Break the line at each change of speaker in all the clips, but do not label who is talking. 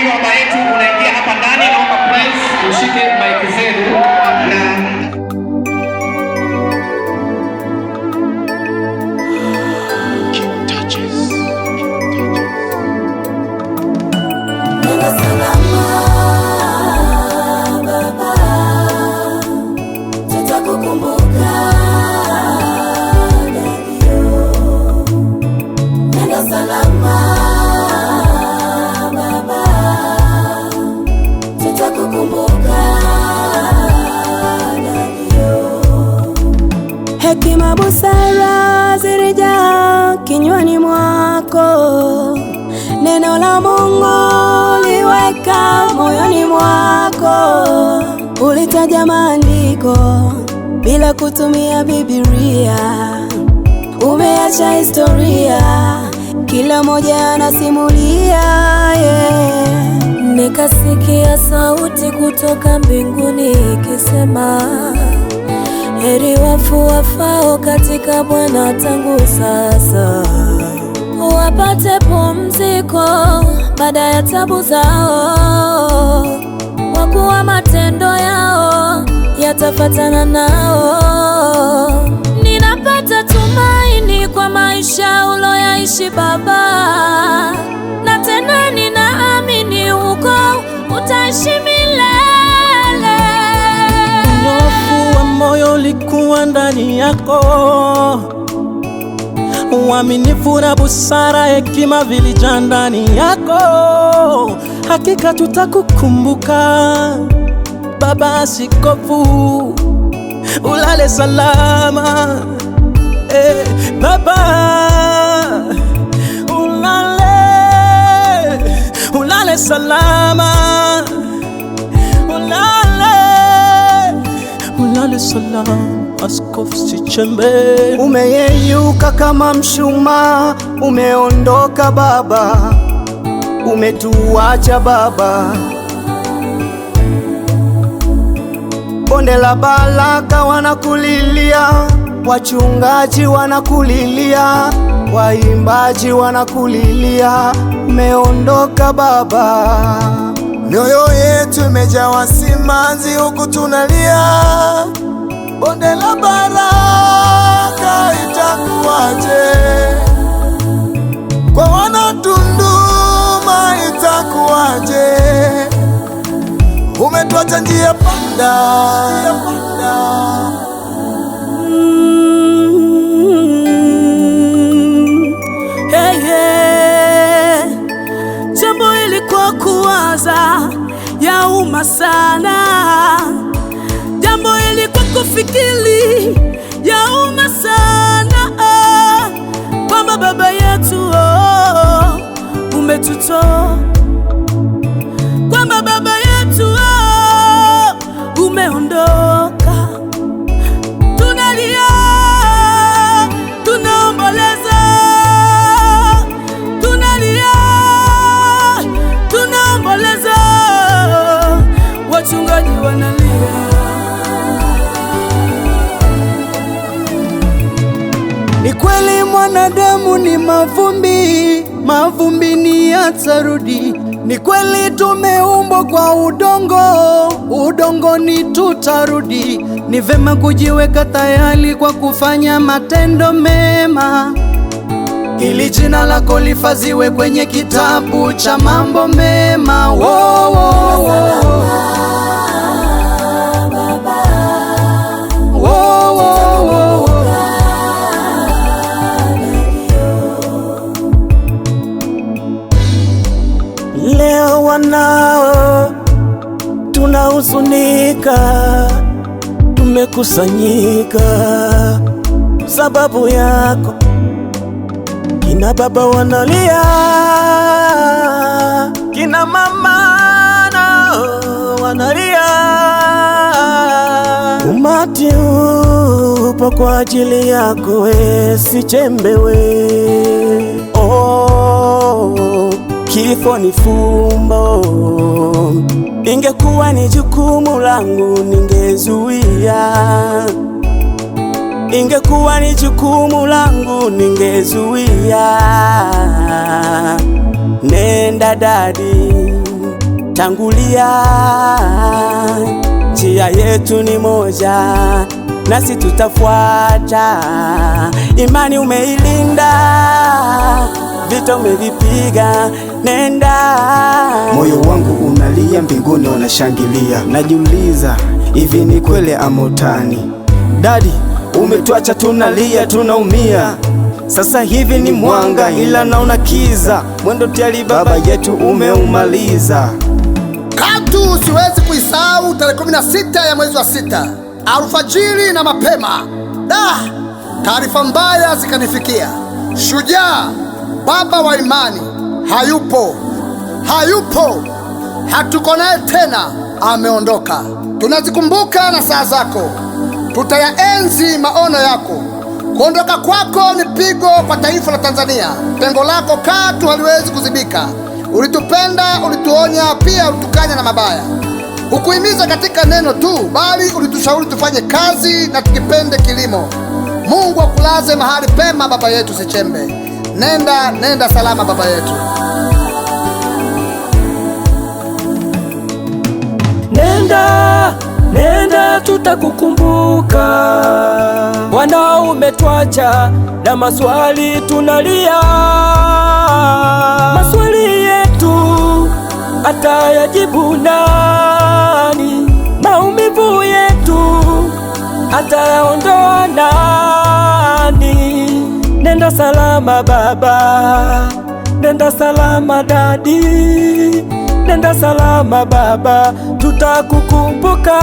Mtazamaji wa baba
yetu unaingia hapa ndani, naomba ushike
maiki zenu. moyoni mwako, ulitaja maandiko bila kutumia Biblia, umeacha historia, kila moja anasimulia yeah. Nikasikia sauti kutoka mbinguni ikisema, heri wafu wafao katika Bwana tangu sasa wapate pumziko baada ya tabu zao, kwa kuwa matendo yao yatafatana nao. Ninapata tumaini kwa maisha uloyaishi Baba, na tena ninaamini huko utaishi milele. Unyoofu wa moyo ulikuwa ndani yako uaminifu na busara, hekima vilija ndani yako. Hakika tutakukumbuka Baba Askofu, ulale salama eh, Baba ulale, ulale salama Dar es Salaam, Askofu Sichembe. Umeyeyuka kama mshumaa, umeondoka baba, umetuacha baba. Bonde la Baraka wanakulilia, wachungaji wanakulilia, waimbaji wanakulilia, umeondoka baba mioyo yetu imejawa simanzi, huku tunalia bonde la baraka, itakuwaje kwa wanatunduma, itakuwaje? Umetuacha njia panda
wanadamu ni mavumbi, ni yatarudi. Ni kweli tumeumbwa kwa udongo, udongo ni tutarudi. Ni vema kujiweka tayari kwa kufanya matendo mema, ili jina lako lifaziwe kwenye kitabu cha mambo mema. Wow, wow, wow.
tukiwa nao tunahuzunika, tumekusanyika sababu yako. Kina baba wanalia, kina mama nao wanalia. Umati upo kwa ajili yako, we si chembe we, oh. Kifo ni fumbo, ingekuwa ni jukumu langu ningezuia, ingekuwa ni jukumu langu ningezuia. Nenda dadi, tangulia, njia yetu ni moja, nasi tutafuata. Imani umeilinda, vita umevipiga nenda. Moyo wangu unalia, mbinguni
unashangilia, najiuliza hivi ni kweli amotani Dadi, umetuacha tunalia, tunaumia sasa hivi ni mwanga ila naona kiza, mwendo tayari baba yetu umeumaliza. Katu siwezi kuisahau tarehe 16 ya mwezi wa sita alfajiri na mapema, da taarifa mbaya zikanifikia. Shujaa baba wa imani hayupo, hayupo, hatuko naye tena, ameondoka. Tunazikumbuka na saa zako, tutayaenzi maono yako. Kuondoka kwako ni pigo kwa taifa la Tanzania. Pengo lako katu haliwezi kuzibika. Ulitupenda, ulituonya, pia ulitukanya na mabaya. Hukuhimiza katika neno tu, bali ulitushauri tufanye kazi na tukipende kilimo. Mungu akulaze mahali pema, baba yetu sechembe Nenda, nenda salama baba yetu.
Nenda, nenda tutakukumbuka. Bwana umetwacha na maswali tunalia. Maswali yetu atayajibu na salama baba, nenda salama dadi, nenda salama baba, tutakukumbuka.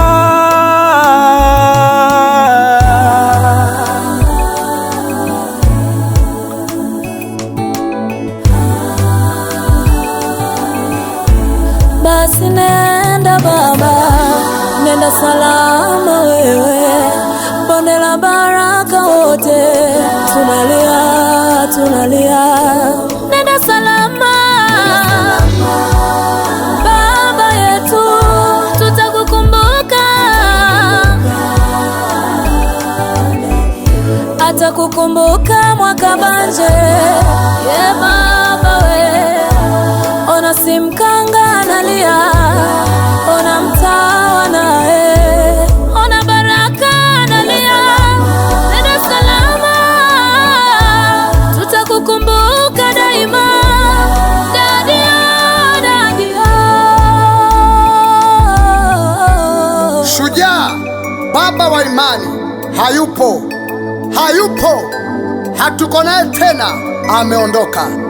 Basi nenda baba, nenda salama wewe, bonde la bara watakukumbuka Mwakabanje, ye baba we, ona simkanga analia, ona mtawa naye, ona baraka analia, nenda salama, tutakukumbuka daima, dadia, dadia.
Shujaa baba wa imani hayupo hayupo, hatuko naye tena, ameondoka.